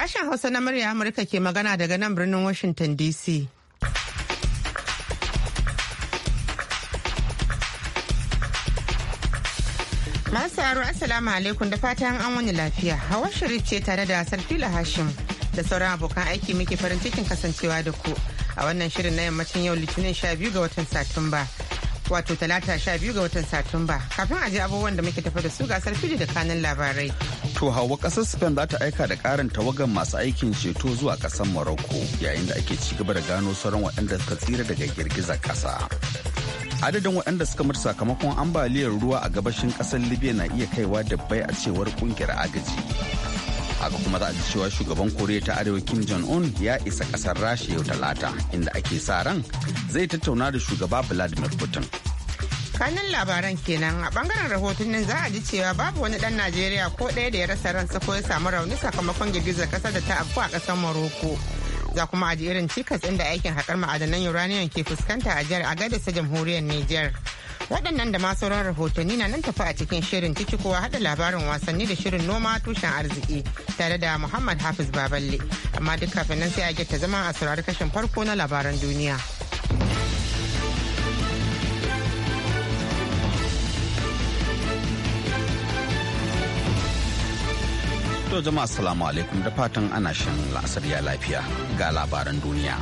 Sashen Hausa na murya Amurka ke magana daga nan birnin Washington DC. Masu aro Assalamu alaikum da fatan an wani lafiya. Hawa Sharif ce tare da Sarfila Hashim da sauran abokan aiki muke farin cikin kasancewa da ku a wannan shirin na yammacin yau Litinin sha biyu ga watan Satumba. Wato talata sha biyu ga watan Satumba. Kafin a ji abubuwan da muke tafa da su gasar fili da kanin labarai. To hawa kasar Spain za ta aika da karin tawagan masu aikin ceto zuwa kasar Morocco yayin da ake ci gaba da gano sauran waɗanda suka tsira daga girgizar ƙasa. Adadin waɗanda suka mutu sakamakon ambaliyar ruwa a gabashin kasar Libya na iya kaiwa da dabbai a cewar ƙungiyar agaji. haka kuma za a ji cewa shugaban koriya ta arewa kim jong un ya isa ƙasar rasha yau talata inda ake sa ran zai tattauna da shugaba vladimir putin kanin labaran kenan a bangaren nan za a ji cewa babu wani dan najeriya ko ɗaya da ya rasa ransa ko ya samu rauni sakamakon girgizar kasar da ta afku a ƙasar morocco za kuma a ji irin cikas inda aikin haƙar ma'adanan uranium ke fuskanta a jihar agadis ta jamhuriyar niger waɗannan da masu sauran rahotanni na nan tafi a cikin shirin ciki kowa haɗa labarin wasanni da shirin noma tushen arziki tare da muhammad hafiz baballe amma duk kafin nan sai a ta zama a saurari kashin farko na labaran duniya. To jama'a assalamu alaikum da fatan ana shan la'asar lafiya ga labaran duniya.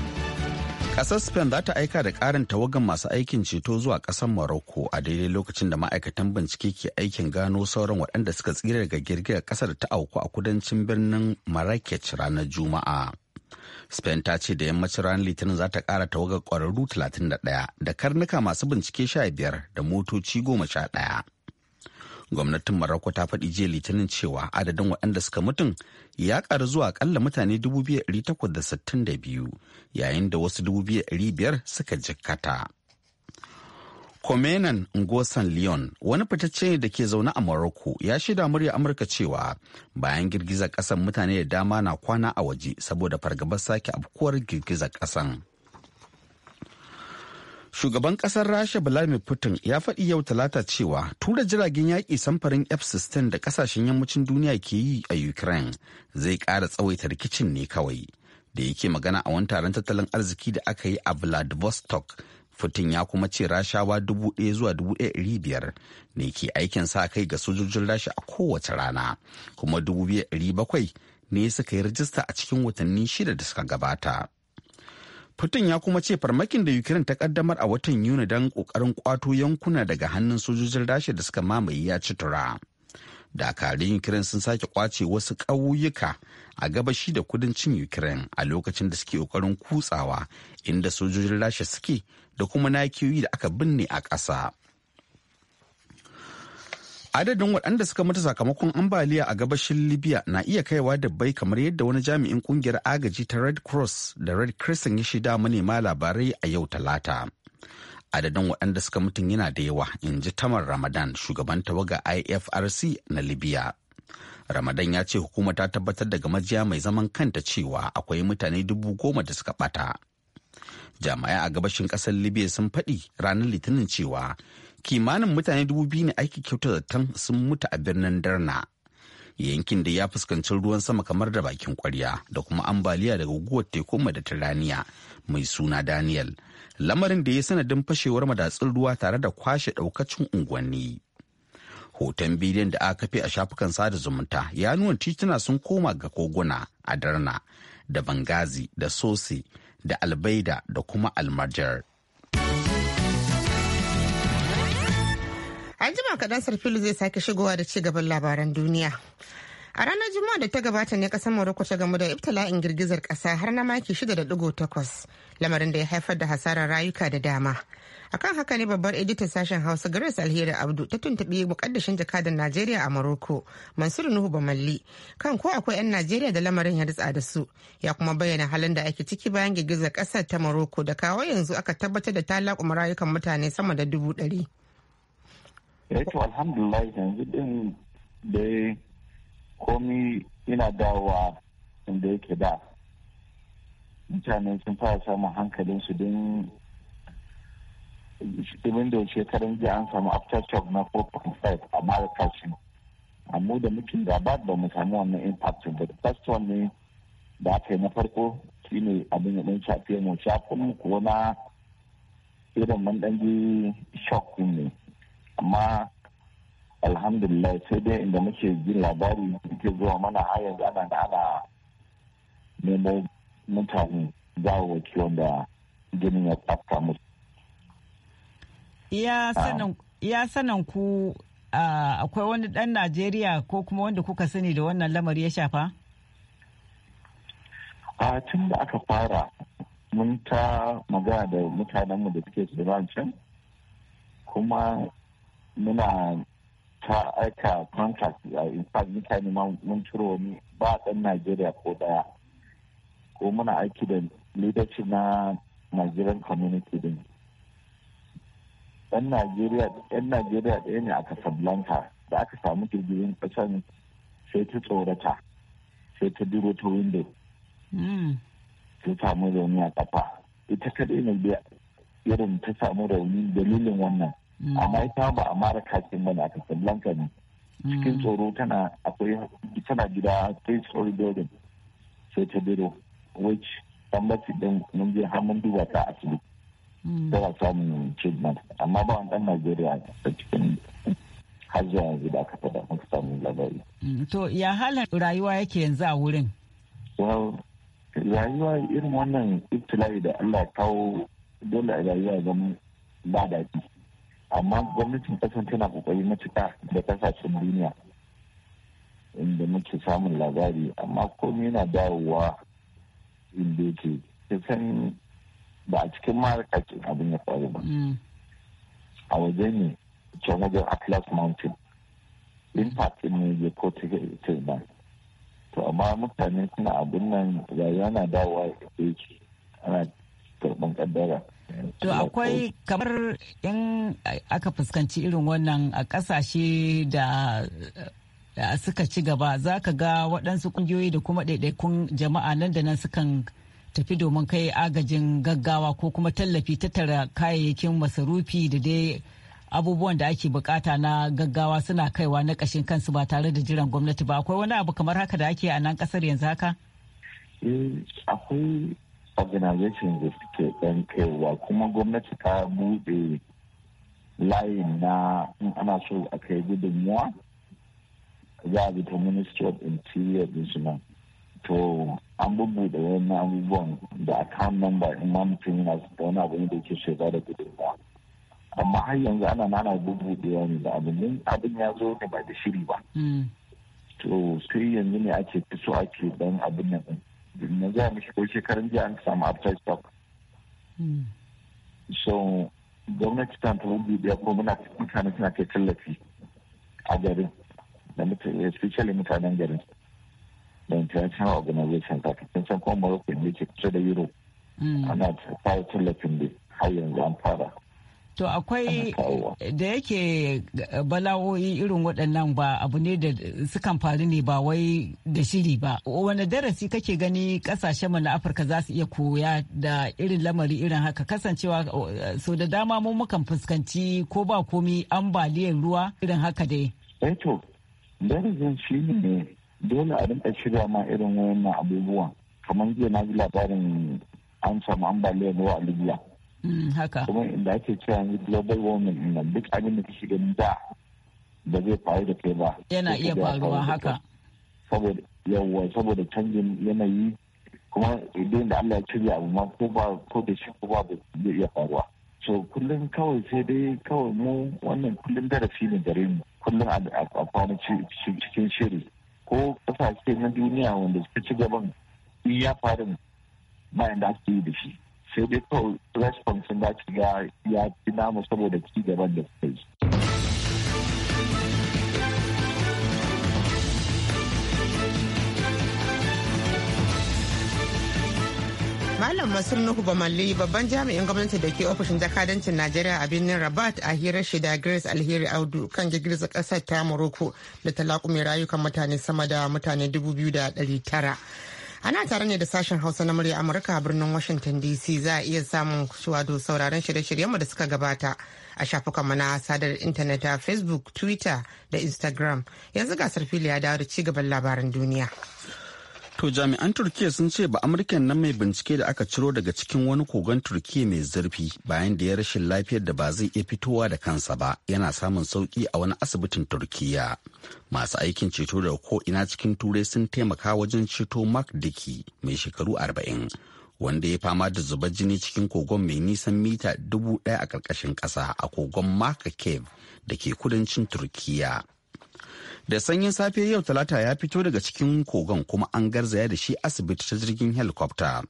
Kasar Spain za ta aika da karin tawagan masu aikin ceto zuwa kasar Morocco a daidai lokacin da ma'aikatan bincike ke aikin gano sauran waɗanda suka tsira daga girgirar kasar ta auku a kudancin birnin Marrakech ranar Juma'a. Spain ta ce da yammacin ranar Litinin za ta ƙara tawagar ƙwararru 31 da karnuka masu bincike 15 da motoci 11. gwamnatin maroko ta faɗi jiya litinin cewa adadin waɗanda suka mutum ya ƙaru zuwa ƙalla mutane 2,862 yayin da wasu 2,500 suka jikkata. Komenan Ngosan Leon wani fitacce ne da ke zaune a Morocco ya shaida murya Amurka cewa bayan girgizar ƙasan mutane da dama na kwana a waje saboda fargabar sake abkuwar girgizar ƙasan. Shugaban ƙasar Rasha Vladimir Putin ya faɗi yau talata cewa tura jiragen yaƙi samfarin F-16 da ƙasashen yammacin duniya ke yi a Ukraine zai ƙara tsawaita rikicin ne kawai. Da yake magana a wani taron tattalin arziki da aka yi a Vladivostok, Putin ya kuma ce Rashawa dubu ɗaya zuwa dubu ɗaya biyar ne ke aikin sa kai ga sojojin Rasha a kowace rana, kuma dubu biyar bakwai ne suka yi rajista a cikin watanni shida da suka gabata. Putin ya kuma ce farmakin da Ukraine ta kaddamar a watan Yuni don kokarin kwato yankuna daga hannun sojojin Rasha da suka mamaye ya ci tura. Dakarun Ukraine sun sake kwace wasu ƙauyuka a gabashi da kudancin Ukraine a lokacin da suke kokarin kutsawa inda sojojin Rasha suke da kuma nakiyoyi da aka binne a ƙasa. adadin waɗanda suka mutu sakamakon ambaliya a gabashin libya na iya kaiwa da bai kamar yadda wani jami'in kungiyar agaji ta red cross da red crescent ya shida manema labarai a yau talata adadin waɗanda suka mutu yana da yawa in ji tamar ramadan shugaban tawaga ifrc na libya ramadan ya ce hukuma ta tabbatar daga majiya mai zaman kanta cewa akwai mutane dubu goma da suka bata jami'ai a gabashin ƙasar libya sun faɗi ranar litinin cewa kimanin mutane dubu biyu ne aiki kyauta zaton sun mutu a birnin darna yankin da ya fuskanci ruwan sama kamar da bakin kwarya da kuma ambaliya daga guguwar teku mediterania mai suna daniel lamarin da ya sanadin fashewar madatsun ruwa tare da kwashe daukacin unguwanni hoton bidiyon da aka kafe a shafukan sada zumunta ya nuna tituna sun koma ga koguna a darna da bangazi da sosi da albaida da kuma almajar An jima kaɗan sarfilu zai sake shigowa da ci gaban labaran duniya. A ranar Juma'a da ta gabata ne kasar Morocco ta gamu da ibtila'in girgizar kasa har na maki 6.8 lamarin da ya haifar da hasarar rayuka da dama. Akan haka ne babbar editan sashen Hausa Grace Alheri Abdu ta tuntuɓi mukaddashin jakadan Najeriya a Morocco Mansur Nuhu Bamalli kan ko akwai 'yan Najeriya da lamarin ya ritsa da su ya kuma bayyana halin da ake ciki bayan girgizar kasar ta Morocco da kawo yanzu aka tabbatar da ta laƙuma rayukan mutane sama da dubu ɗari. eh to alhamdulillah yanzu din da komi yana dawowa inda yake da mutane sun fara samun hankalinsu don domin da shekarun jiya an samu aftershock na 4.5 a mara kashin amma da muke rabat ba mu samu wannan impact ba the first one ne da aka yi na farko shine abin da ɗan shafi mu shafin kuwa na irin mun ɗan shock ne amma alhamdulillah sai dai inda muke jin labari ke zuwa mana har yanzu ana da ana nemo mutane gawawaki wanda ginin ya tsafta musu. Ya ah. sanan ku akwai wani dan Najeriya ko kuma wanda kuka sani da wannan lamari ya shafa? A tun da aka fara mun ta magana da mutanenmu da suke can kuma muna ta aika a uh, in fact mutane ma mun ciro wani ba dan Najeriya ko daya ko muna aiki da leadership na Nigerian community din dan Najeriya dan Najeriya ɗaya ne a Casablanca da aka samu girgirin kasan sai ta tsorata sai ta duro ta window hmm. ta samu rauni a kafa ita kadai ne irin ta samu rauni dalilin wannan Mm. amma ita ba a mara kacin mana a lanka ne cikin mm. tsoro tana akwai tana gida three story building sai ta biro which gwamnati din mun je har mun duba ta asibiti mm. tana samun treatment amma ba wani dan najeriya a cikin har zuwa yanzu da aka fada mun samu labari. to ya halin rayuwa yake yanzu a wurin. rayuwa irin wannan iftila'i da allah kawo dole a rayuwa zama ba daɗi. amma gwamnatin kasan tana kokari matuka da kasashen duniya inda muke samun labari amma komai yana dawowa inda yake san ba a cikin marakakin abin ya faru ba mm. a waje ne can wajen atlas mountain impact ne ya ko ta ba to amma mutane suna abin nan rayuwa na dawowa da yake ana karɓar kaddara To akwai kamar in aka fuskanci irin wannan a kasashe da suka ci gaba za ka ga waɗansu ƙungiyoyi da kuma ɗaiɗaikun jama'a nan da nan sukan tafi domin kai agajin gaggawa ko kuma tallafi tattara kayayyakin masarufi da dai abubuwan da ake bukata na gaggawa suna kaiwa na ƙashin kansu ba tare da jiran gwamnati ba akwai wani abu kamar haka da ake a nan ƙasar yanzu haka? Eh, akwai organizations da suke ɗan kaiwa kuma gwamnati ta buɗe layin na in ana so a kai gudunmuwa za a ta ministry of interior din su nan to an bubbuɗe wani abubuwan da account number in ma mutum yana da wani abu da ke shaida da gudunmuwa amma har yanzu ana nana bubbuɗewa ne da abin abin ya zo ne ba da shiri ba mm. to sai yanzu ne ake so ake dan abin nan domin yanzu a mashi shekaran jiya an samu after stock hmm. so gwamnati ta turu biya ko muna mutane suna kai tallafi a garin da especially mutanen garin da international organization ta kan san kuma morocco ne ke kusa da europe hmm. ana fara tallafin da har yanzu an fara To akwai da yake bala'o'i irin waɗannan ba abu ne da sukan faru ne ba wai da shiri ba. wani darasi kake gani ƙasashen mu na Afirka za su iya koya da irin lamari irin haka kasancewa eh, so da dama mu mukan fuskanci ko ba komi ambaliyar ruwa irin haka dai. Eto, eh darasin shi ne dole a rinka shirya ma irin wayannan abubuwan. Kamar jiya na ji labarin an samu ambaliyar ruwa a Libya. Mm, haka kuma inda ake cewa global warming na duk abin da shi ganin da ba zai faru da kai ba yana iya faruwa haka saboda yawa saboda canjin yanayi kuma idan da Allah ya cire abu ma ko ba ko da shi ko ba zai iya faruwa so kullum kawai sai dai kawai mu wannan kullum darasi ne gare mu kullum a kwana cikin shiri ko kasashe na duniya wanda suka ci gaban in ya faru bayan da ake yi da shi sai dai kawai response da ga ya fi namu saboda ci gaban da suka Malam Masir Nuhu Bamalli babban jami'in gwamnati da ke ofishin jakadancin Najeriya a birnin Rabat a hirar shida Grace Alheri Audu kan girgiza ƙasar ta Morocco da talakumin rayukan mutane sama da mutane 2,900. Ana tare ne da sashen Hausa na murya Amurka a birnin Washington DC za a iya samun wato sauraron shirye-shiryenmu da suka gabata a shafukanmu na sadar intanet a Facebook, Twitter da Instagram. Yanzu gasar fili ya dawo da ci labaran duniya. To jami'an Turkiyya sun ce ba Amurken nan mai bincike da aka ciro daga cikin wani kogon Turkiyya mai zurfi bayan da ya rashin lafiyar da ba zai iya fitowa da kansa ba yana samun sauki a wani asibitin Turkiyya. Masu aikin ceto daga ina cikin turai sun taimaka wajen ceto Mark Dickey mai shekaru arba'in. wanda ya fama da zubar jini cikin kogon mai nisan mita dubu ɗaya a ƙarƙashin ƙasa a kogon Mark Cave da ke kudancin Turkiyya. da sanyin safe yau talata ya fito daga cikin kogon kuma an garzaya da shi asibiti ta jirgin helikwafta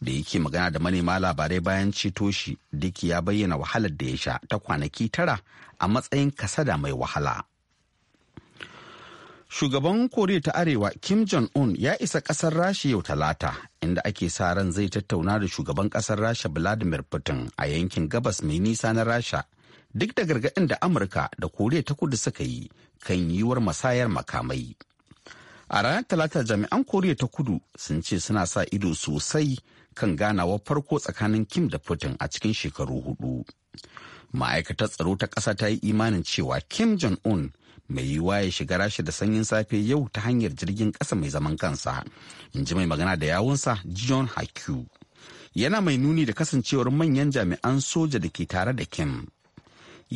da yake magana da manema labarai bayan ceto shi duk ya bayyana wahalar da ya sha ta kwanaki tara a matsayin kasada mai wahala shugaban koriya ta arewa kim jong-un ya isa kasar rasha yau talata inda ake sa ran zai tattauna da shugaban kasar rasha vladimir putin a yankin gabas mai nisa na rasha duk da gargaɗin da amurka da koriya ta kudu suka yi kan yiwuwar masayar makamai a ranar talata jami'an koriya ta kudu sun ce suna sa ido sosai kan ganawa farko tsakanin kim da putin a cikin shekaru hudu ma'aikatar tsaro ta ƙasa ta yi imanin cewa kim jong-un mai yiwuwa ya shiga rashi da sanyin safe yau ta hanyar jirgin ƙasa mai zaman kansa in ji mai magana da yawunsa john haku yana mai nuni da kasancewar manyan jami'an soja da ke tare da kim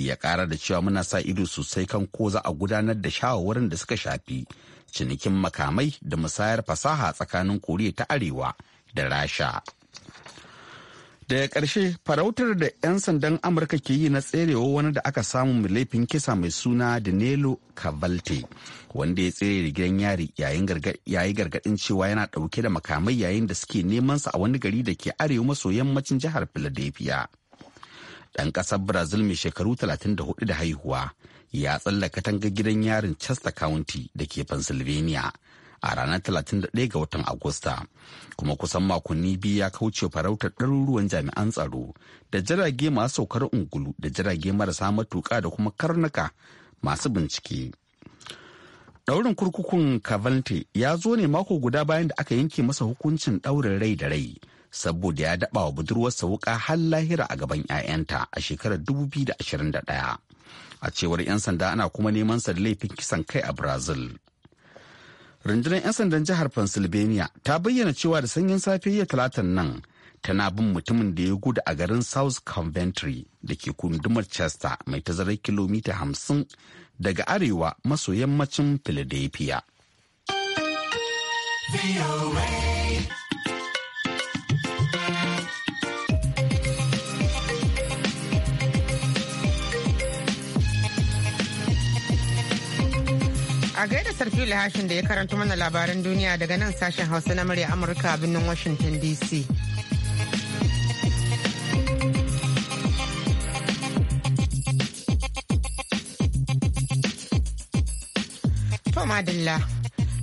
ya kara da cewa muna sa ido sosai kan ko za a gudanar da shawarwarin da suka shafi cinikin makamai da musayar fasaha tsakanin koriya ta arewa da rasha daga ƙarshe farautar da 'yan sandan amurka ke yi na tserewa wani da aka samu mai laifin kisa mai suna danilo cavalte wanda ya tsere da gidan yari yayi gargadin cewa yana ɗauke da makamai yayin da suke neman sa a wani gari da ke arewa maso yammacin jihar philadelphia ɗan ƙasar brazil mai shekaru 34 da haihuwa ya tsalla katanga gidan yarin chester county da ke pennsylvania a ranar 31 ga watan agusta kuma kusan makonni biyu ya kauce farautar ɗaruruwan jami'an tsaro da jirage masu saukar ungulu da jirage marasa matuƙa da kuma karnuka masu bincike Daurin kurkukun Cavalte ya zo ne mako guda bayan da aka yanke masa hukuncin ɗaurin rai da rai saboda ya daba wa budurwarsa wuka har lahira a gaban 'ya'yanta a shekarar 2021 a cewar 'yan sanda ana kuma neman sa da laifin kisan kai a brazil rundunar 'yan sandan jihar pennsylvania ta bayyana cewa da sanyin safe ya talatan nan tana bin mutumin da ya gudu a garin south conventry da ke kundumar chester mai tazarar kilomita hamsin daga arewa maso yammacin philadelphia A gaida Sarfi Lahashin da ya karanta mana labaran duniya daga nan sashen Hausa na murya Amurka a birnin Washington DC. To madalla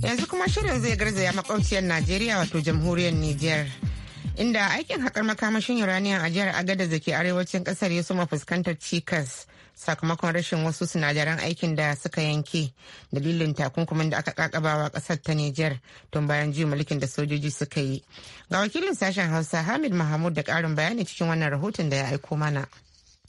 yanzu kuma shirin zai garzaya makwabciyar Najeriya wato jamhuriyar Nijar. Inda aikin haƙar makamashin uranium a jihar agada da ke arewacin ƙasar ya suma fuskantar cikas. sakamakon rashin wasu sinadaran aikin da suka yanke dalilin takunkumin da aka kakabawa kasar ta Nijar tun bayan ji mulkin da sojoji suka yi. Ga wakilin sashen Hausa Hamid Mahmud da ƙarin bayani cikin wannan rahoton da ya aiko mana.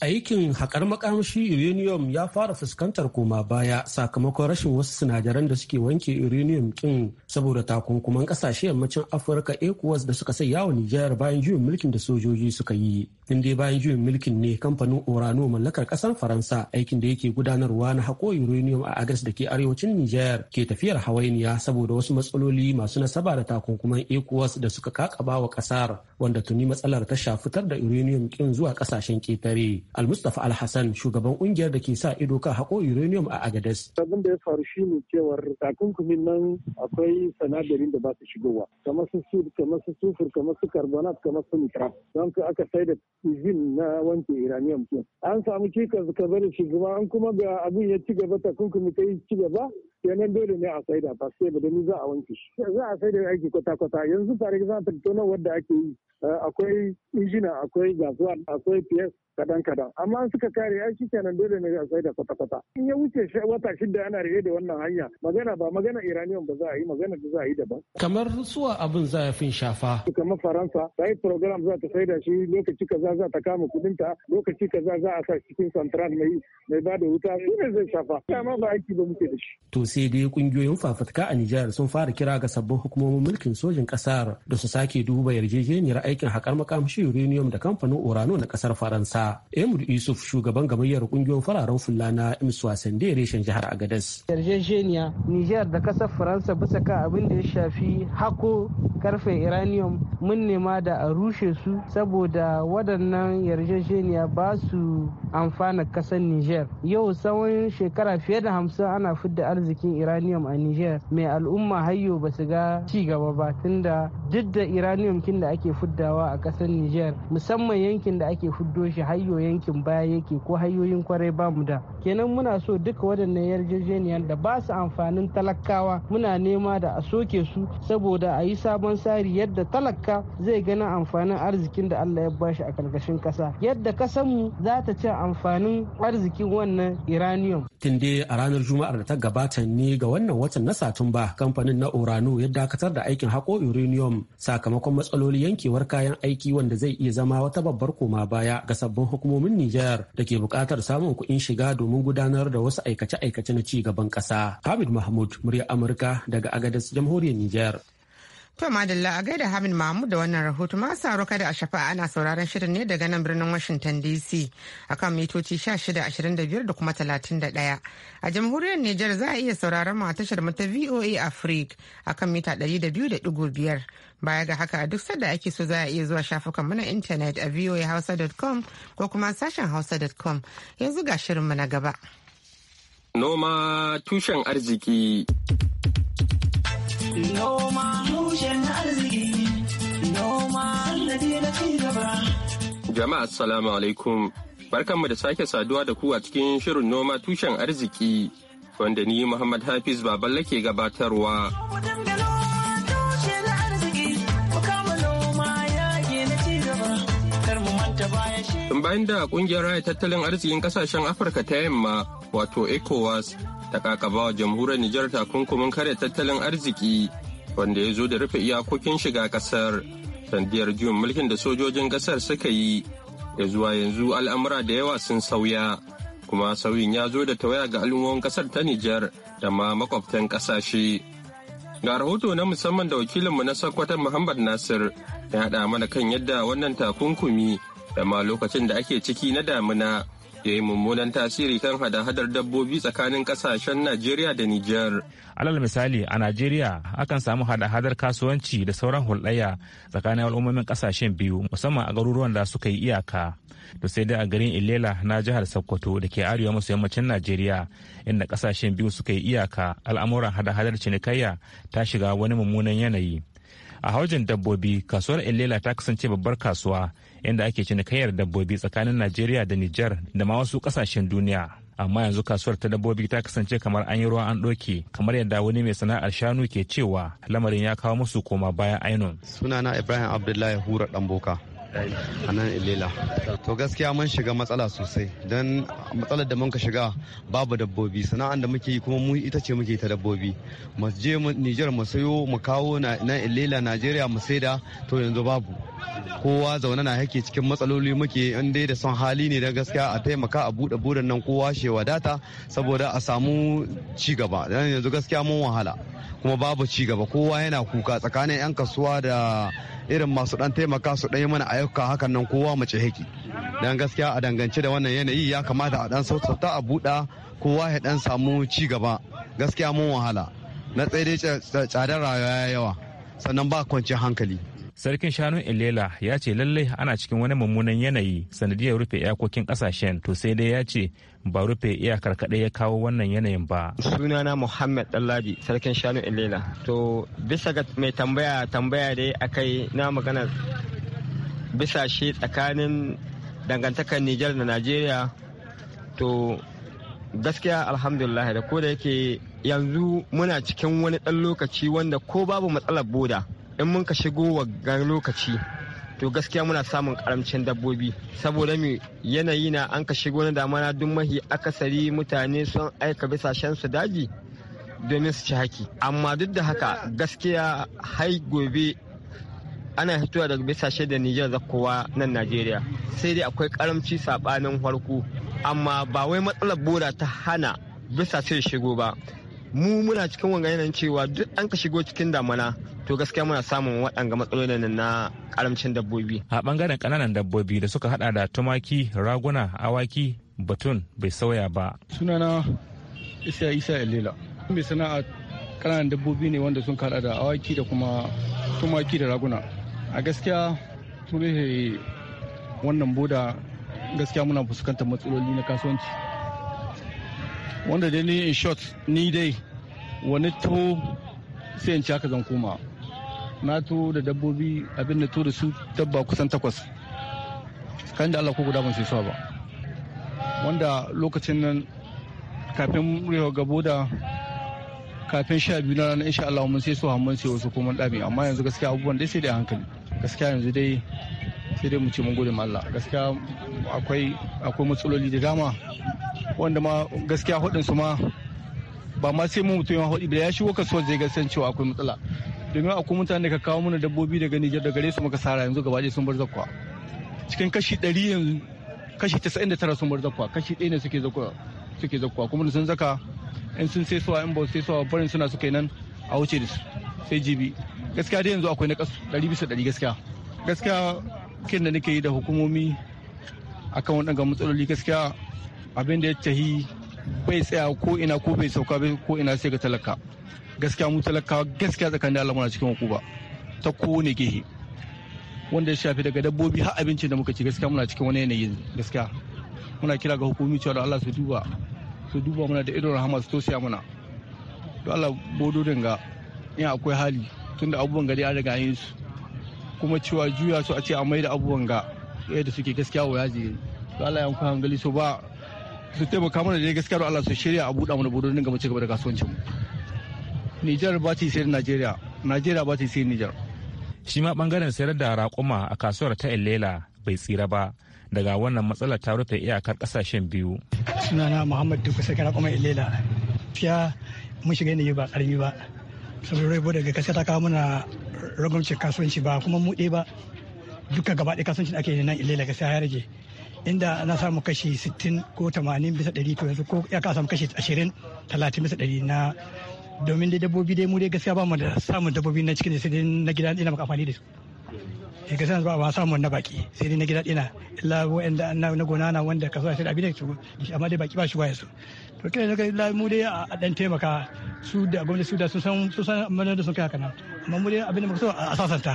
Aikin haƙar makamashi uranium ya fara fuskantar koma baya sakamakon rashin wasu sinadaran da suke wanke uranium kin saboda takunkuman ƙasashe yammacin Afirka ECOWAS da suka sai yawon Nijar bayan juyin mulkin da sojoji suka yi. In dai bayan juyin mulkin ne kamfanin Orano mallakar ƙasar Faransa aikin da yake gudanarwa na haƙo uranium a Agas da ke arewacin Nijar ke tafiyar hawainiya saboda wasu matsaloli masu nasaba da takunkuman ECOWAS da suka kakaba wa ƙasar wanda tuni matsalar ta shafitar da uranium kin zuwa ƙasashen ƙetare. Almustafa Alhassan shugaban kungiyar da ke sa ido kan hako uranium a Agadez. Abin da ya faru shi ne cewar takunkumin nan akwai sanadarin da ba su shigowa kamar su sud kamar su sufur kamar su carbonate kamar su nitrat don ka aka sai da izin na wanke uranium din. An samu cikas ka bari shugaba an kuma ga abin ya ci gaba takunkumi ta yi ci gaba yanan dole ne a saida ba sai ba da ni za a wanke shi. Za a da aiki kwata-kwata yanzu for example tattaunawar da ake yi Eh, akwai injina akwai gasuwa akwai ps kadan kadan amma an suka kare ai shikenan dole ne a sai da kwata kwata in ya wuce wata shida ana rage da wannan hanya magana ba magana iraniyan ba za a yi magana da za a yi daban kamar suwa abin za a fin shafa kamar faransa ta yi program za ta saida shi lokaci kaza za ta kama kudin ta lokaci kaza za a sa cikin central mai mai ba da wuta shi ne zai shafa dama ba aiki ba muke da shi to sai dai kungiyoyin fafutuka a Nijar sun fara kira ga sabbin hukumomin mulkin sojin kasar da su sake duba yarjejeniyar aikin haƙar makamashi uranium da kamfanin Orano na ƙasar Faransa. emir Yusuf shugaban gamayyar ƙungiyoyin fararen fulla na Imsuwa Sande reshen jihar Agadez. Yarjejeniya Nijar da ƙasar Faransa bisa kan abin da ya shafi hako karfe uranium mun nema da a rushe su saboda waɗannan yarjejeniya ba su amfana ƙasar Nijar. Yau tsawon shekara fiye da hamsin ana fidda arzikin uranium a Nijar mai al'umma hayyo ba su ga ci gaba ba tunda duk da uranium kin da ake fidda huddawa a kasar Nijar musamman yankin da ake huddo shi hayyo yankin baya yake ko hayoyin kwarai ba mu da kenan muna so duka waɗannan yarjejeniyar da ba su amfanin talakawa muna nema da a soke su saboda a yi sabon tsari yadda talaka zai gana amfanin arzikin da Allah ya bashi a karkashin kasa yadda kasanmu za ta ci amfanin arzikin wannan uranium. Tunde a ranar Juma'ar da ta gabata ne ga wannan watan na Satumba kamfanin na Orano ya dakatar da aikin haƙo uranium sakamakon matsaloli yankewar kayan aiki wanda zai iya zama wata babbar koma baya ga sabbin hukumomin Nijar da ke buƙatar samun kuɗin shiga domin gudanar da wasu aikace-aikace na ci gaban ƙasa. Hamid Mahmud, murya Amurka daga Agadez, Jamhuriyar Nijar. To Madalla a gaida Hamid Mahmud da wannan rahoto ma sa roka a Ashafa ana sauraron shirin ne daga nan birnin Washington DC akan mitoci 1625 da kuma 31. A jamhuriyar Nijar za a iya sauraron mu a tashar mu ta VOA Africa akan mita 200.5. Baya ga haka duk sadda ake so za a iya zuwa shafukanmu na intanet a voahausa.com ko kuma sashen hausa.com yanzu ga shirinmu na gaba. Noma tushen arziki. Noma tushen arziki. Noma na gaba. Jama'a assalamu alaikum. Barkanmu da sake saduwa da ku a cikin shirin noma tushen arziki wanda ni Muhammad Hafiz Baballe ke gabatarwa. tun bayan da kungiyar raya tattalin arzikin kasashen afirka ta yamma wato ecowas ta kakaba wa jamhuriyar nijar takunkumin kare tattalin arziki wanda ya zo da rufe iyakokin shiga kasar sandiyar juyin mulkin da sojojin kasar suka yi ya zuwa yanzu al'amura da yawa sun sauya kuma sauyin ya zo da tawaya ga al'ummomin kasar ta nijar da ma makwabtan kasashe ga rahoto na musamman da wakilinmu na sakwatan muhammad nasir ya haɗa mana kan yadda wannan takunkumi da ma lokacin da ake ciki na damuna ya yi mummunan tasiri kan hada-hadar dabbobi tsakanin kasashen Najeriya da Nijar. Alal misali a Najeriya akan samu hada-hadar kasuwanci da sauran hulɗaya tsakanin al'ummomin kasashen biyu musamman a garuruwan da suka yi iyaka. Da sai dai a garin Ilela na jihar Sokoto da ke arewa maso yammacin Najeriya inda kasashen biyu suka yi iyaka al'amuran hada-hadar cinikayya ta shiga wani mummunan yanayi. a haujin dabbobi kasuwar ilela ta kasance babbar kasuwa inda ake cinikayyar dabbobi tsakanin najeriya da nijar da ma wasu kasashen duniya amma yanzu kasuwar ta dabbobi ta kasance kamar an yi ruwa an ɗoke kamar yadda wani mai sana'ar shanu ke cewa lamarin ya kawo musu koma baya ainun sunana ibrahim abdullahi hura ɗanboka a nan ilila to gaskiya mun shiga matsala sosai don matsalar da muka shiga babu dabbobi sana'an da muke yi kuma mu ita ce muke ta dabbobi mu je Nijar mu sayo mu kawo na ilela Najeriya mu saida to yanzu babu kowa zaune na yake cikin matsaloli muke in dai da son hali ne da gaskiya a taimaka a buɗe buren nan kowa shi wadata saboda a samu ci gaba yanzu gaskiya mun wahala kuma babu ci gaba kowa yana kuka tsakanin 'yan kasuwa da irin masu dan taimaka su dan mana ayyuka hakan nan kowa mace haki dan gaskiya a dangance da wannan yanayi ya kamata a dan sautsauta a buɗa kowa ya dan samu ci gaba gaskiya mun wahala na tsaye dai tsadar rayuwa yawa sannan ba kwanci hankali sarkin shanun ilela ya ce lallai ana cikin wani mummunan yanayi sanadiyar rufe iyakokin kasashen to sai dai ya ce ba rufe iyakar kaɗai ya kawo wannan yanayin ba sunana muhammad dallabi sarkin shanun ilela to bisa ga mai tambaya tambaya dai akai na magana bisa shi tsakanin dangantakar niger da najeriya to gaskiya alhamdulillah da ko da yake yanzu muna cikin wani ɗan lokaci wanda ko babu matsalar boda in mun ka shigo waggar lokaci to gaskiya muna samun karamcin dabbobi saboda me yanayi na an ka shigo na damana duk mahi akasari mutane sun aika bisashen su daji domin su ci haki amma duk da haka gaskiya hai gobe ana hitowa daga bisashe da Nijar da kowa nan Najeriya sai dai akwai karamci saɓanin farko amma ba wai matsalar bora ta hana bisashe shigo ba mu muna cikin wanga yanayin cewa duk an ka shigo cikin damana to gaskiya muna samun waɗanga matsalolin na karamcin dabbobi a bangaren kananan dabbobi da suka hada da tumaki raguna awaki batun bai sauya ba sunana isa isa elila mai sana'a kananan dabbobi ne wanda sun kada da awaki da kuma tumaki da raguna a gaskiya sun wannan boda gaskiya muna fuskantar matsaloli na kasuwanci wanda dai ni in short ni dai wani to sai in ci haka zan koma na to da dabbobi abin da to da su dabba kusan takwas kan da Allah ko guda ban sai ba wanda lokacin nan kafin rewa gabo da kafin sha biyu na ranar insha Allah mun sai su hamman sai wasu kuma dami amma yanzu gaskiya abubuwan dai sai dai hankali gaskiya yanzu dai sai dai mu ce mun gode ma Allah gaskiya akwai akwai matsaloli da dama wanda ma gaskiya hudun su ma ba ma sai mu mutum ya hudu da ya shigo kasuwar zai ga san cewa akwai matsala domin akwai mutane da ka kawo mana dabbobi daga Nijar da gare su muka sara yanzu gaba sun bar zakwa cikin kashi 100 yanzu kashi 99 sun bar zakwa kashi 1 ne suke zakwa suke zakwa kuma sun zaka in sun sai suwa in ba sai suwa barin suna suka nan a wuce da su sai jibi gaskiya dai yanzu akwai na kasu 100 bisa ɗari gaskiya gaskiya kin da nake yi da hukumomi akan waɗannan matsaloli gaskiya abin da ya tahi bai tsaya ko ina ko bai sauka ko ina sai ga talaka gaskiya mu talakawa gaskiya tsakanin Allah muna cikin hukuba ta kowane gehe wanda ya shafi daga dabbobi har abincin da muka ci gaskiya muna cikin wani yanayin gaskiya muna kira ga hukumi cewa da Allah su duba su duba muna da idon rahama su tosiya muna to Allah bodo dinga in akwai hali tunda abubuwan gari an riga yin su kuma cewa juya su a ce a mai da abubuwan ga yadda suke gaskiya wa yaji to Allah ya hankali so ba su taimaka mana da gaskiya Allah su shirya a buɗa mana budurin ga mu ci gaba da kasuwancin mu Nijar ba ta sai Najeriya Najeriya ba ta sai Nijar shi ma bangaren sayar da raƙuma a kasuwar ta Elela bai tsira ba daga wannan matsalar ta rufe iyakar kasashen biyu sunana Muhammad Duku sai raƙuma Elela fiya mun shiga ne ba karami ba saboda rai daga kasa ta kawo mana ragwamcin kasuwanci ba kuma mu ba duka gaba ɗaya kasuwancin ake yi nan Elela ga sai ya rage inda na samu kashi 60 ko 80 bisa 100 to yanzu ko ya ka samu kashi 20 30 bisa 100 na domin dai dabbobi dai mu dai gaskiya ba mu da samun dabbobi na cikin sai dai na gida ina maka amfani da su eh gaskiya ba ba samun na baki sai dai na gida ina illa wanda na gona na wanda ka so sai abin da su amma dai baki ba shi wayansu to kai daga illa mu dai a dan taimaka su da gwamnati su da sun san sun san amma da sun kai haka nan amma mu dai abin da muka so a sasanta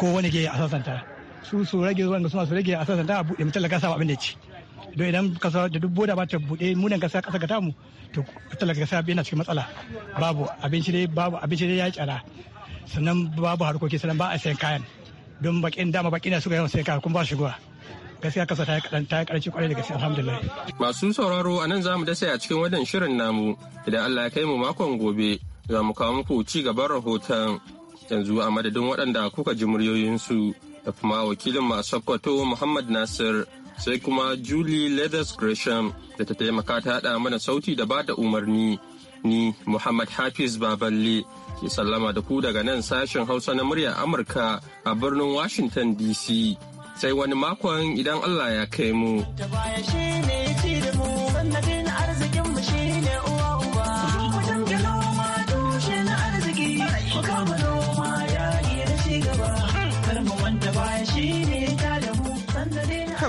ko wani ke a sasanta su su rage wanda suna su rage a sassan ta buɗe mutum talaka samu abin da ci don idan kasa da duk boda ba ta buɗe munan kasa kasa ga tamu to talaka kasa na cikin matsala babu abinci dai babu abinci dai ya yi tsara sannan babu harkoki sannan ba a sayan kayan don bakin dama bakin suka yawan sayan kayan kuma ba shigowa gaskiya kasa ta yi kadan ta yi karanci kwarai da gaskiya alhamdulillah masu sauraro a nan za mu dasa a cikin wannan shirin namu idan Allah ya kai mu makon gobe za mu kawo muku ci gaban rahoton yanzu a madadin waɗanda kuka ji muryoyinsu da kuma wakilin a Sokoto Muhammad Nasir sai kuma Julie Leathers Gresham da ta taimaka ta haɗa mana sauti da bada umarni. Ni Muhammad Hafiz Baballe ke sallama da ku daga nan sashen Hausa na muryar Amurka a birnin Washington DC. Sai wani makon idan Allah ya kai mu.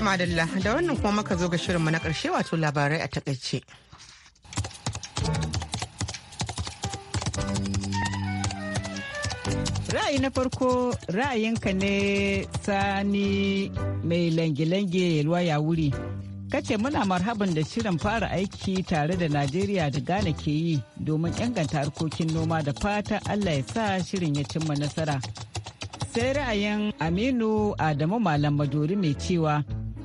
madalla da wannan kuma muka zo ga shirinmu na karshe wato labarai a takaice. ra'ayi na farko ra'ayinka ne sani mai lange-lange ya wuri kace muna marhaban da shirin fara aiki tare da najeriya da ghana ke yi domin inganta harkokin noma da fata allah ya sa shirin ya cimma nasara sai ra'ayin aminu adamu malam maduri mai cewa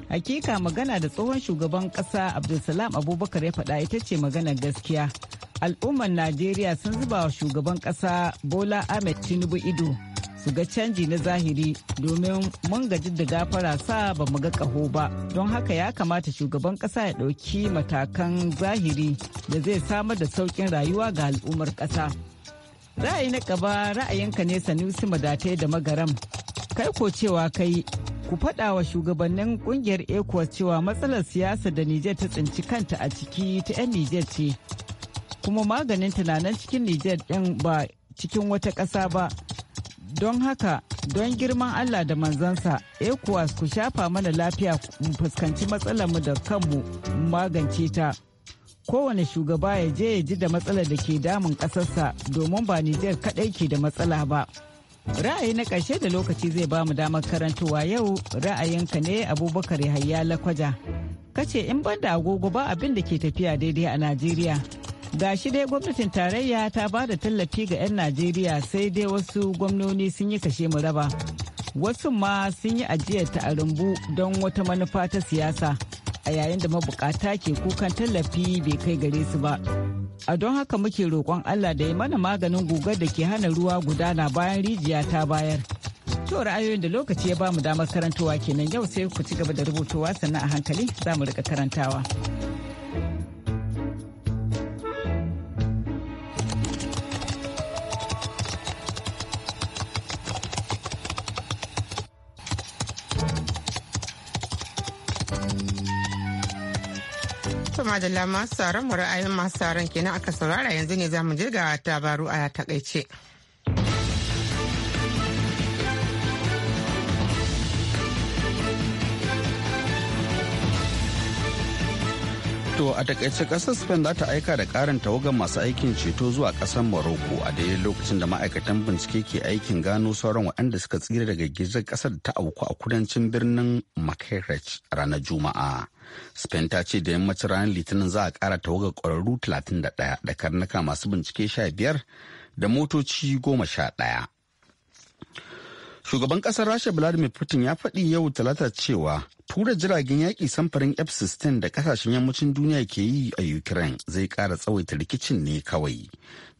hakika magana da tsohon shugaban kasa abdulsalam abubakar ya faɗa ita ce magana gaskiya al'ummar najeriya sun zuba wa shugaban kasa bola ahmed tinubu ido su ga canji na zahiri domin mun gaji da gafara sa ba mu ga ƙaho ba don haka ya kamata shugaban ƙasa ya ɗauki matakan zahiri da zai samar da sauƙin rayuwa ga al'ummar ƙasa ra'ayi na gaba ra'ayinka ne sanusi madatai da magaram kai ko cewa kai ku faɗa wa shugabannin ƙungiyar ecowas cewa matsalar siyasa da nijar ta tsinci kanta a ciki ta 'yan nijar ce kuma maganin tunanin cikin nijar ɗin ba cikin wata ƙasa ba don haka don girman allah da manzansa ecowas ku shafa mana lafiya mu fuskanci matsalar mu da kanmu magance ta kowane shugaba ya je ya ji da matsalar da ke damun ƙasarsa domin ba nijar kaɗai ke da matsala ba. Ra'ayi na ƙarshe da lokaci zai ba mu damar karantowa yau ra'ayinka ne abubakar yahaya lakwaja. Kace in banda agogo ba abin da ke tafiya daidai a Najeriya. Ga shi dai gwamnatin tarayya ta ba da tallafi ga 'yan Najeriya sai dai wasu gwamnoni sun yi kashe mu raba. Wasu ma sun yi ajiyar ta a rumbu don wata manufa ta siyasa a yayin da mabukata ke kukan tallafi bai kai gare su ba. a don haka muke roƙon Allah da ya mana maganin gugar da ke hana ruwa gudana bayan rijiya ta bayar. To ra'ayoyin da lokaci ya bamu damar karantowa kenan yau sai ku ci gaba da rubutuwa sannan a hankali za mu rika karantawa. To madalla masu tsaron mu ra'ayin masu tsaron kenan aka saurara yanzu ne za mu je ga tabaru a takaice. To a takaice kasar Spain za ta aika da karin tawagar masu aikin ceto zuwa kasar Morocco a daidai lokacin da ma'aikatan bincike ke aikin gano sauran waɗanda suka tsira daga girgizar kasar da ta auku a kudancin birnin Makerech ranar Juma'a. Spain ta ce da yammacin ranar Litinin za a kara tawagar ƙwararru 31 da karnuka masu bincike 15 da motoci 11. Shugaban ƙasar Rasha Vladimir Putin ya faɗi yau talata cewa tura jiragen yaƙi samfarin F-16 da ƙasashen yammacin duniya ke yi a Ukraine zai ƙara tsawaita rikicin ne kawai.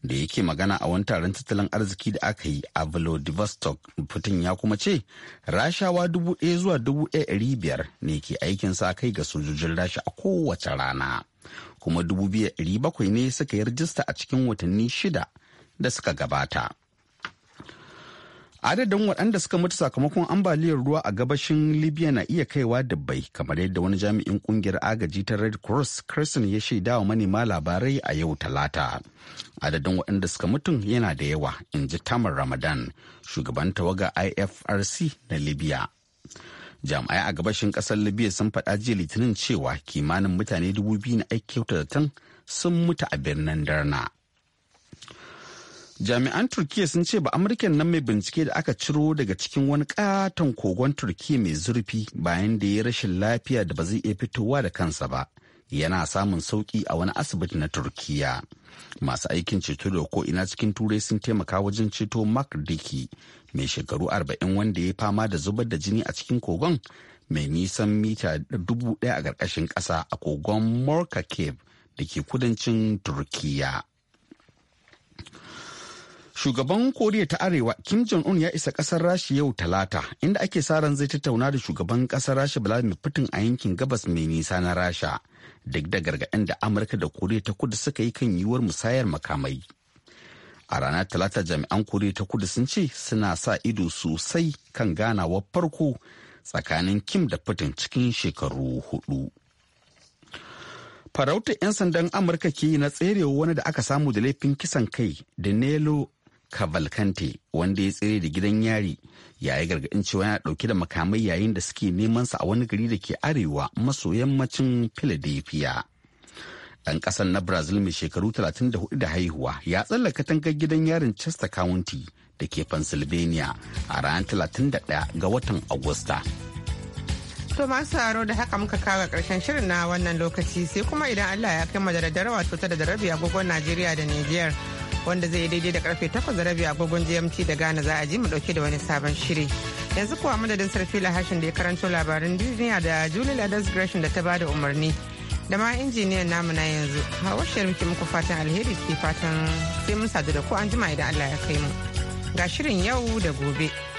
Da yake magana a wani taron tattalin arziki da aka yi a Vladivostok, Putin ya kuma ce, Rashawa dubu ɗaya zuwa dubu ɗaya biyar ne ke aikin sa kai ga sojojin Rasha a kowace rana. Kuma dubu biyar ɗari bakwai ne suka yi rajista a cikin watanni shida da suka gabata. adadin waɗanda suka mutu sakamakon ambaliyar ruwa a gabashin libya na iya kaiwa dubbai kamar yadda wani jami'in kungiyar agaji ta red cross crescent ya shaida wa manema labarai a yau talata adadin waɗanda suka mutu yana da yawa in ji tamar ramadan shugaban tawaga ifrc na libya jami'ai a gabashin ƙasar libya sun faɗa jiya litinin cewa kimanin mutane dubu biyu na aiki sun mutu a birnin darna jami'an turkiya sun ce ba amurken nan mai bincike da aka ciro daga cikin wani katon kogon turkiya mai zurfi bayan da ya rashin lafiya da ba zai iya fitowa da kansa ba yana samun sauki a wani asibiti na turkiya masu aikin ceto da ko ina cikin turai sun taimaka wajen ceto mark diki mai shekaru arba'in wanda ya fama da zubar da jini a cikin kogon mai nisan mita dubu daya a ƙarƙashin ƙasa a kogon morka cave da ke kudancin turkiya Shugaban Koriya ta Arewa Kim Jong-un ya isa ƙasar Rashi yau Talata, inda ake sa ran zai tattauna da shugaban ƙasar Rasha Vladimir Putin a yankin gabas mai nisa na Rasha, duk da gargaɗin da Amurka da Koriya ta Kudu suka yi kan yiwuwar musayar makamai. A ranar Talata jami'an Koriya ta Kudu sun ce suna sa ido sosai kan ganawar farko tsakanin Kim da Putin cikin shekaru hudu. farautar 'yan sandan amurka ke yi na tserewa wani da aka samu da laifin kisan kai da nelo Cavalcante wanda ya tsere da gidan yari ya yi gargaɗin cewa yana ɗauke da makamai yayin da suke neman sa a wani gari da ke arewa maso yammacin Philadelphia. Ɗan ƙasar na Brazil mai shekaru 34 da haihuwa ya tsallaka tangar gidan yarin Chester County da ke Pennsylvania a ranar 31 ga watan Agusta. To masu haro da haka muka kawo karshen shirin na wannan lokaci sai kuma idan Allah ya kai madaradar da wato ta da rabi agogon Najeriya da Nijiyar. wanda zai daidai da karfe 8 da rabi agogon GMT da Ghana za a ji mu dauke da wani sabon shiri. Yanzu kuwa madadin sarfi hashin da ya karanto labarin duniya da Julie Ladas Gresham da ta bada umarni. Da ma injiniyan namu na yanzu, hawa muke muku fatan alheri ke fatan sai mun sadu da ku an jima idan Allah ya kai mu. Ga shirin yau da gobe.